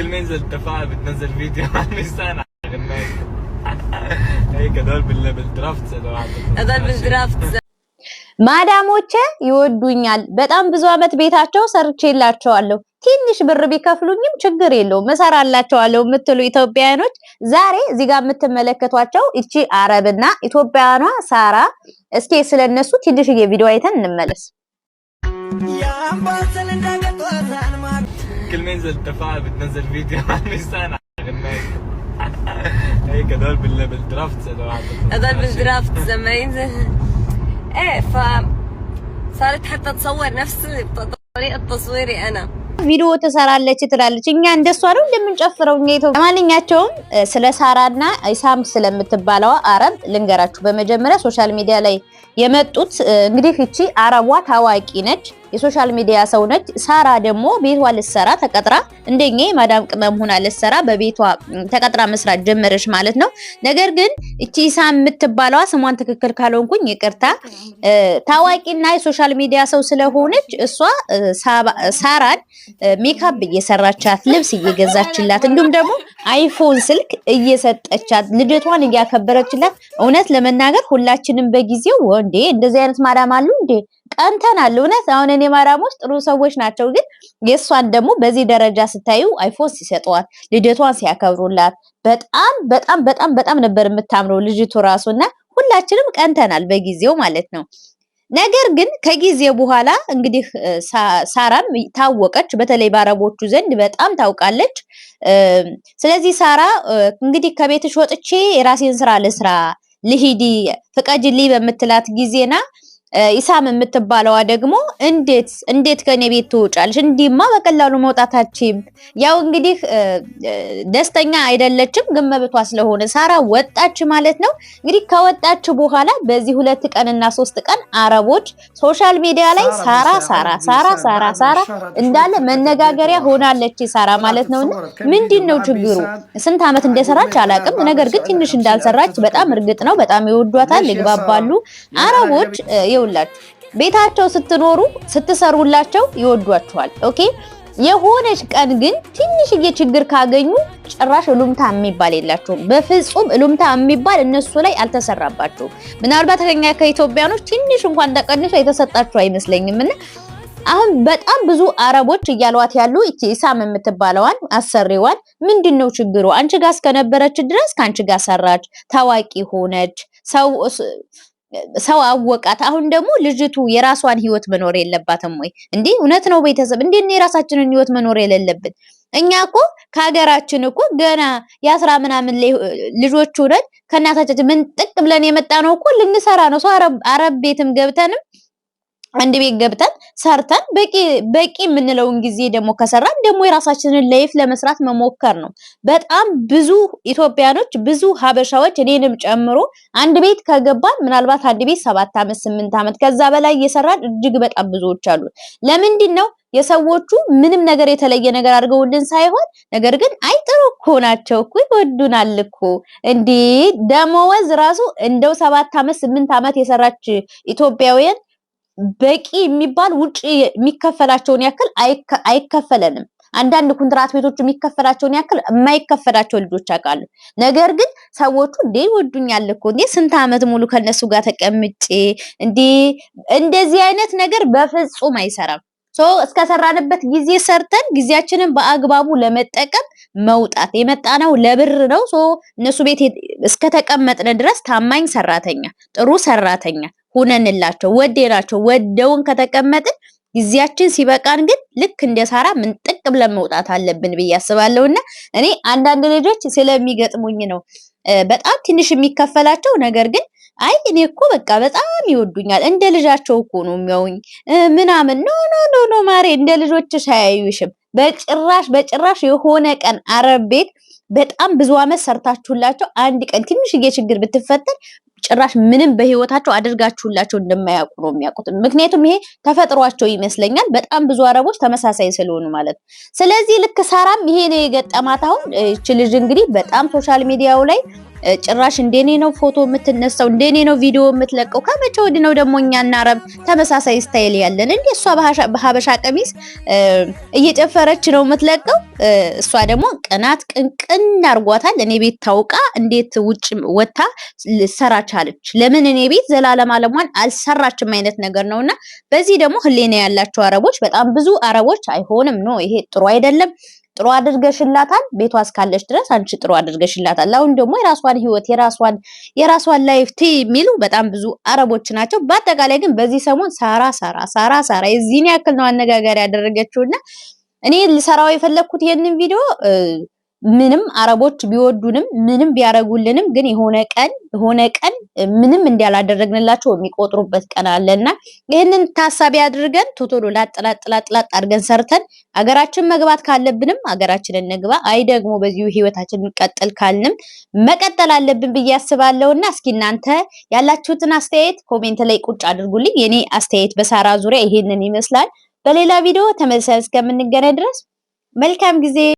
ينزل التفاعل بتنزل فيديو عن لسان هيك هدول بالدرافتس هدول بالدرافتس ማዳሞቼ ይወዱኛል። በጣም ብዙ አመት ቤታቸው ሰርቼላቸዋለሁ። ትንሽ ብር ቢከፍሉኝም ችግር የለውም እሰራላቸዋለሁ የምትሉ ኢትዮጵያውያኖች ዛሬ እዚህ ጋር የምትመለከቷቸው እቺ አረብና ኢትዮጵያውያኗ ሳራ፣ እስኪ ስለነሱ ትንሽዬ ቪዲዮ አይተን እንመለስ። كل ما ينزل التفاعل بتنزل فيديو عن ميسان غناك هيك هدول بالدرافت هدول بالدرافت لما ينزل ايه ف صارت حتى تصور نفسي بطريقه تصويري انا ቪዲዮ ትሰራለች ትላለች። እኛ እንደሷ ነው እንደምንጨፍረው እንዴት ነው? ለማንኛቸውም ስለ ሳራና ኢሳም ስለምትባለዋ አረብ ልንገራችሁ። በመጀመሪያ ሶሻል ሚዲያ ላይ የመጡት እንግዲህ እቺ አረቧ ታዋቂ ነች፣ የሶሻል ሚዲያ ሰው ነች። ሳራ ደግሞ ቤቷ ልትሰራ ተቀጥራ እንደኛ የማዳም ቅመም ሆና ልትሰራ በቤቷ ተቀጥራ መስራት ጀመረች ማለት ነው። ነገር ግን እቺ ሳም የምትባለዋ ስሟን ትክክል ካልሆንኩኝ ይቅርታ፣ ታዋቂና የሶሻል ሚዲያ ሰው ስለሆነች እሷ ሳራን ሜካፕ እየሰራቻት፣ ልብስ እየገዛችላት፣ እንዲሁም ደግሞ አይፎን ስልክ እየሰጠቻት፣ ልደቷን እያከበረችላት እውነት ለመናገር ሁላችንም በጊዜው እንዴ እንደዚህ አይነት ማዳም አሉ እንዴ? ቀንተናል። እውነት አሁን እኔ ማዳሞች ጥሩ ሰዎች ናቸው፣ ግን የእሷን ደግሞ በዚህ ደረጃ ስታዩ አይፎን ሲሰጧት፣ ልደቷን ሲያከብሩላት በጣም በጣም በጣም በጣም ነበር የምታምረው ልጅቱ ራሱ እና ሁላችንም ቀንተናል በጊዜው ማለት ነው። ነገር ግን ከጊዜ በኋላ እንግዲህ ሳራም ታወቀች፣ በተለይ በአረቦቹ ዘንድ በጣም ታውቃለች። ስለዚህ ሳራ እንግዲህ ከቤትሽ ወጥቼ የራሴን ስራ ልስራ ልሂድ ፍቀጅልኝ በምትላት ጊዜና ኢሳም የምትባለዋ ደግሞ እንዴት እንዴት ከኔ ቤት ትወጫለሽ? እንዲህማ በቀላሉ መውጣታችም ያው እንግዲህ ደስተኛ አይደለችም፣ ግን መብቷ ስለሆነ ሳራ ወጣች ማለት ነው። እንግዲህ ከወጣች በኋላ በዚህ ሁለት ቀንና ሶስት ቀን አረቦች ሶሻል ሚዲያ ላይ ሳራ ሳራ ሳራ ሳራ ሳራ እንዳለ መነጋገሪያ ሆናለች ሳራ ማለት ነውና ምንድን ነው ችግሩ? ስንት ዓመት እንደሰራች አላቅም፣ ነገር ግን ትንሽ እንዳልሰራች በጣም እርግጥ ነው። በጣም ይወዷታል፣ ይግባባሉ አረቦች ይውላችሁ ቤታቸው ስትኖሩ ስትሰሩላቸው ይወዷችኋል። ኦኬ የሆነች ቀን ግን ትንሽዬ ችግር ካገኙ ጭራሽ እሉምታ የሚባል የላቸውም። በፍጹም እሉምታ የሚባል እነሱ ላይ አልተሰራባቸውም። ምናልባት ከኛ ከኢትዮጵያኖች ትንሽ እንኳን ተቀንሶ የተሰጣቸው አይመስለኝም። እና አሁን በጣም ብዙ አረቦች እያሏት ያሉ እቺ ኢሳም የምትባለዋን አሰሪዋን ምንድን ነው ችግሩ? አንቺ ጋር እስከነበረች ድረስ ከአንቺ ጋር ሰራች፣ ታዋቂ ሆነች ሰው ሰው አወቃት። አሁን ደግሞ ልጅቱ የራሷን ህይወት መኖር የለባትም ወይ? እንዲህ እውነት ነው ቤተሰብ፣ እንዴ? የራሳችንን ህይወት መኖር የሌለብን? እኛ እኮ ከሀገራችን እኮ ገና የአስራ ምናምን ልጆቹ ነን። ከእናታችን ምን ጥቅ ብለን የመጣ ነው እኮ ልንሰራ ነው። ሰው አረብ ቤትም ገብተንም አንድ ቤት ገብተን ሰርተን በቂ በቂ የምንለውን ጊዜ ደግሞ ከሰራን ደግሞ የራሳችንን ለይፍ ለመስራት መሞከር ነው። በጣም ብዙ ኢትዮጵያኖች ብዙ ሀበሻዎች እኔንም ጨምሮ አንድ ቤት ከገባን ምናልባት አንድ ቤት ሰባት ዓመት ስምንት ዓመት ከዛ በላይ እየሰራን እጅግ በጣም ብዙዎች አሉ። ለምንድን ነው የሰዎቹ ምንም ነገር የተለየ ነገር አድርገውልን ሳይሆን ነገር ግን አይጥሩ ጥሩ እኮ ናቸው እኮ ይወዱናል እኮ እንዲህ ደመወዝ ራሱ እንደው ሰባት ዓመት ስምንት ዓመት የሰራች ኢትዮጵያውያን በቂ የሚባል ውጭ የሚከፈላቸውን ያክል አይከፈለንም። አንዳንድ ኩንትራት ቤቶች የሚከፈላቸውን ያክል የማይከፈላቸው ልጆች አውቃሉ። ነገር ግን ሰዎቹ እንዴ ይወዱኛል እኮ እንዴ ስንት ዓመት ሙሉ ከነሱ ጋር ተቀምጬ እንዴ እንደዚህ አይነት ነገር በፍጹም አይሰራም። እስከሰራንበት ጊዜ ሰርተን ጊዜያችንን በአግባቡ ለመጠቀም መውጣት የመጣነው ለብር ነው። እነሱ ቤት እስከተቀመጥን ድረስ ታማኝ ሰራተኛ፣ ጥሩ ሰራተኛ ሁነንላቸው ወዴናቸው ወደውን ከተቀመጥን ጊዜያችን ሲበቃን ግን ልክ እንደ ሳራ ምን ጥቅም ብለን መውጣት አለብን ብዬ አስባለሁና እኔ አንዳንድ ልጆች ስለሚገጥሙኝ ነው በጣም ትንሽ የሚከፈላቸው ነገር ግን አይ እኔ እኮ በቃ በጣም ይወዱኛል እንደ ልጃቸው እኮ ነው የሚያውኝ ምናምን ኖ ኖ ኖ ኖ ማሬ እንደ ልጆችሽ አያዩሽም በጭራሽ በጭራሽ የሆነ ቀን አረብ ቤት በጣም ብዙ አመት ሰርታችሁላቸው አንድ ቀን ትንሽዬ ችግር ብትፈጠር ጭራሽ ምንም በህይወታቸው አድርጋችሁላቸው እንደማያውቁ ነው የሚያውቁት። ምክንያቱም ይሄ ተፈጥሯቸው ይመስለኛል፣ በጣም ብዙ አረቦች ተመሳሳይ ስለሆኑ ማለት ነው። ስለዚህ ልክ ሳራም ይሄ የገጠማት አሁን ይች ልጅ እንግዲህ በጣም ሶሻል ሚዲያው ላይ ጭራሽ እንደኔ ነው ፎቶ የምትነሳው፣ እንደኔ ነው ቪዲዮ የምትለቀው። ከመቼ ወዲህ ነው ደግሞ እኛ እናረብ ተመሳሳይ ስታይል ያለን እንዴ? እሷ በሀበሻ ቀሚስ እየጨፈረች ነው የምትለቀው። እሷ ደግሞ ቅናት ቅንቅን አርጓታል። እኔ ቤት ታውቃ እንዴት ውጭ ወታ ሰራ ቻለች? ለምን እኔ ቤት ዘላለም አለሟን አልሰራችም አይነት ነገር ነውና፣ በዚህ ደግሞ ህሌና ያላቸው አረቦች በጣም ብዙ አረቦች አይሆንም ነው ይሄ ጥሩ አይደለም። ጥሩ አድርገሽላታል። ቤቷ እስካለች ድረስ አንቺ ጥሩ አድርገሽላታል። አሁን ደግሞ የራሷን ህይወት የራሷን የራሷን ላይፍ ቲ የሚሉ በጣም ብዙ አረቦች ናቸው። በአጠቃላይ ግን በዚህ ሰሞን ሳራ ሳራ ሳራ ሳራ የዚህን ያክል ነው አነጋጋሪ ያደረገችውና እኔ ልሰራው የፈለግኩት ይህንን ቪዲዮ ምንም አረቦች ቢወዱንም ምንም ቢያረጉልንም ግን የሆነ ቀን የሆነ ቀን ምንም እንዳላደረግንላቸው የሚቆጥሩበት ቀን አለና ይህንን ታሳቢ አድርገን ቶቶሎ ላጥላጥላጥላጥ አድርገን ሰርተን አገራችን መግባት ካለብንም አገራችንን እንግባ፣ አይ ደግሞ በዚሁ ህይወታችን እንቀጥል ካልንም መቀጠል አለብን ብዬ እና እስኪ እናንተ ያላችሁትን አስተያየት ኮሜንት ላይ ቁጭ አድርጉልኝ። የኔ አስተያየት በሳራ ዙሪያ ይሄንን ይመስላል። በሌላ ቪዲዮ ተመልሰን እስከምንገናኝ ድረስ መልካም ጊዜ